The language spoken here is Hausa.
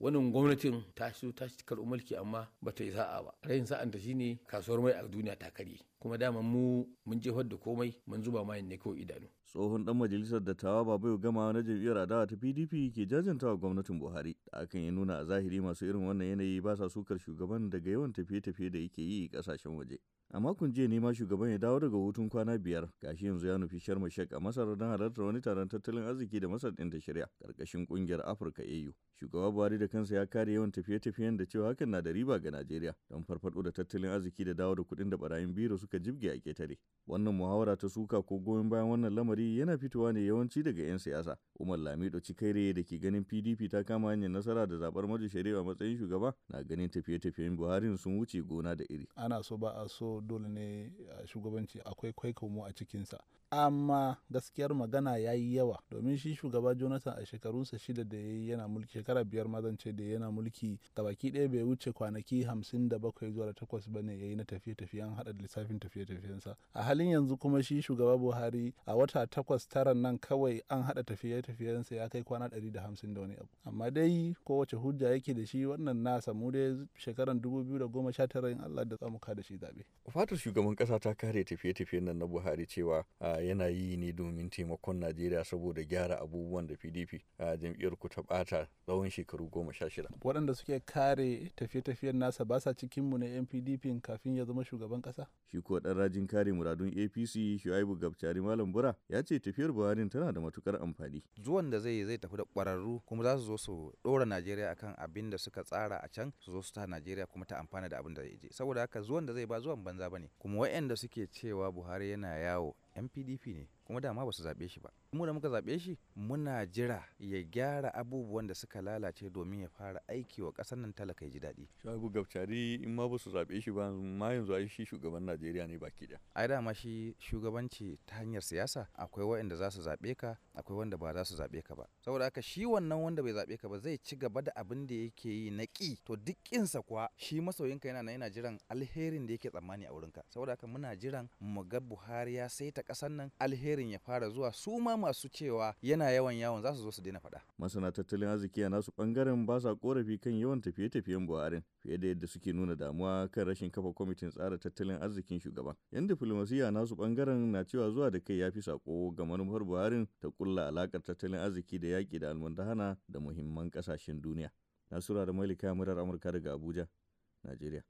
wannan gwamnatin ta shi ta karɓi mulki amma ba ta yi sa'a ba rayin sa'an ta shine kasuwar mai a duniya ta karye kuma dama mu mun jefar da komai mun zuba ma ne kawai idanu tsohon dan majalisar dattawa ya Gama na jam'iyyar adawa ta PDP ke wa gwamnatin Buhari da akan ya nuna a zahiri masu irin wannan yanayi ba sa sukar shugaban daga yawan tafiye-tafiye da yake yi kasashen waje a makon jiya ne ma shugaban ya dawo daga hutun kwana biyar gashi yanzu ya nufi sharma shek a masar don halartar wani taron tattalin arziki da masar din ta shirya karkashin ƙungiyar afirka au shugaba buhari da da kansa ya kare yawan tafiye-tafiyen da cewa hakan na da riba ga Najeriya don farfaɗo da tattalin arziki da dawo da kuɗin da barayin biro suka jibge a ketare. Wannan muhawara ta suka ko goyon bayan wannan lamari yana fitowa ne yawanci daga 'yan siyasa. Umar Lamido Cikaire da ke ganin PDP ta kama hanyar nasara da zabar Madu Shari'a matsayin shugaba na ganin tafiye-tafiyen Buhari sun wuce gona da iri. Ana so ba a so dole ne a shugabanci akwai kwaikomo a cikinsa. Amma gaskiyar magana ya yi yawa domin shi shugaba Jonathan a shekarunsa shida da ya yana mulki shekara biyar mazance da yana mulki gabaki ɗaya bai wuce kwanaki hamsin da bakwai zuwa da takwas ba ne ya yi na tafiye-tafiyen haɗa lissafin tafiye-tafiyensa. A halin yanzu kuma shi shugaba buhari a wata takwas taran nan kawai an haɗa tafiye-tafiyensa ya kai kwana ɗari da hamsin da wani abu amma dai kowace hujja yake da shi wannan nasa mu dai shekaran tara in allah da tsamuka da shi zaɓe fatar shugaban ƙasa ta kare tafiye-tafiyen nan na buhari cewa yana yi ne domin taimakon najeriya saboda gyara abubuwan da pdp a jam'iyyar ku ta ɓata tsawon shekaru goma sha shida waɗanda suke kare tafiye-tafiyen nasa ba sa cikinmu na yan pdp kafin ya zama shugaban ƙasa shi ko ɗan rajin kare muradun takardun APC Shuaibu Gabcari Malam Bura ya ce tafiyar Buhari tana da matukar amfani. Zuwan da zai zai tafi da kwararru kuma za su zo su dora Najeriya akan abin da suka tsara a can su zo su ta Najeriya kuma ta amfana da abin da zai je. Saboda haka zuwan da zai ba zuwan banza bane. Kuma waɗanda suke cewa Buhari yana yawo Npdp ne kuma dama ba su zaɓe shi ba mu da muka zaɓe shi muna jira ya gyara abubuwan da suka lalace domin ya fara aiki wa ƙasar nan talaka ya ji daɗi shagu gabcari in ma ba su zaɓe shi ba ma yanzu ai shi shugaban najeriya ne baki da ai dama shi shugabanci ta hanyar siyasa akwai waɗanda za su zaɓe ka akwai wanda ba za su zaɓe ka ba saboda haka shi wannan wanda bai zaɓe ka ba zai ci gaba da abin da yake yi na ƙi to duk ƙinsa kuwa shi masoyinka yana yana jiran alherin da yake tsammani a wurinka saboda haka muna jiran mu ga buhari ya saita kasan nan alherin ya fara zuwa su ma masu cewa yana yawan yawon za su zo su daina faɗa. Masana tattalin arziki a nasu bangaren ba sa ƙorafi kan yawan tafiye-tafiyen Buhari fiye da yadda suke nuna damuwa kan rashin kafa kwamitin tsara tattalin arzikin shugaban. Yan diflomasiya nasu bangaren na cewa zuwa da kai ya fi sako ga manufar Buhari ta kulla alaƙar tattalin arziki da yaƙi da almundahana da muhimman kasashen duniya. Nasura da Malika Murar Amurka daga Abuja, Najeriya.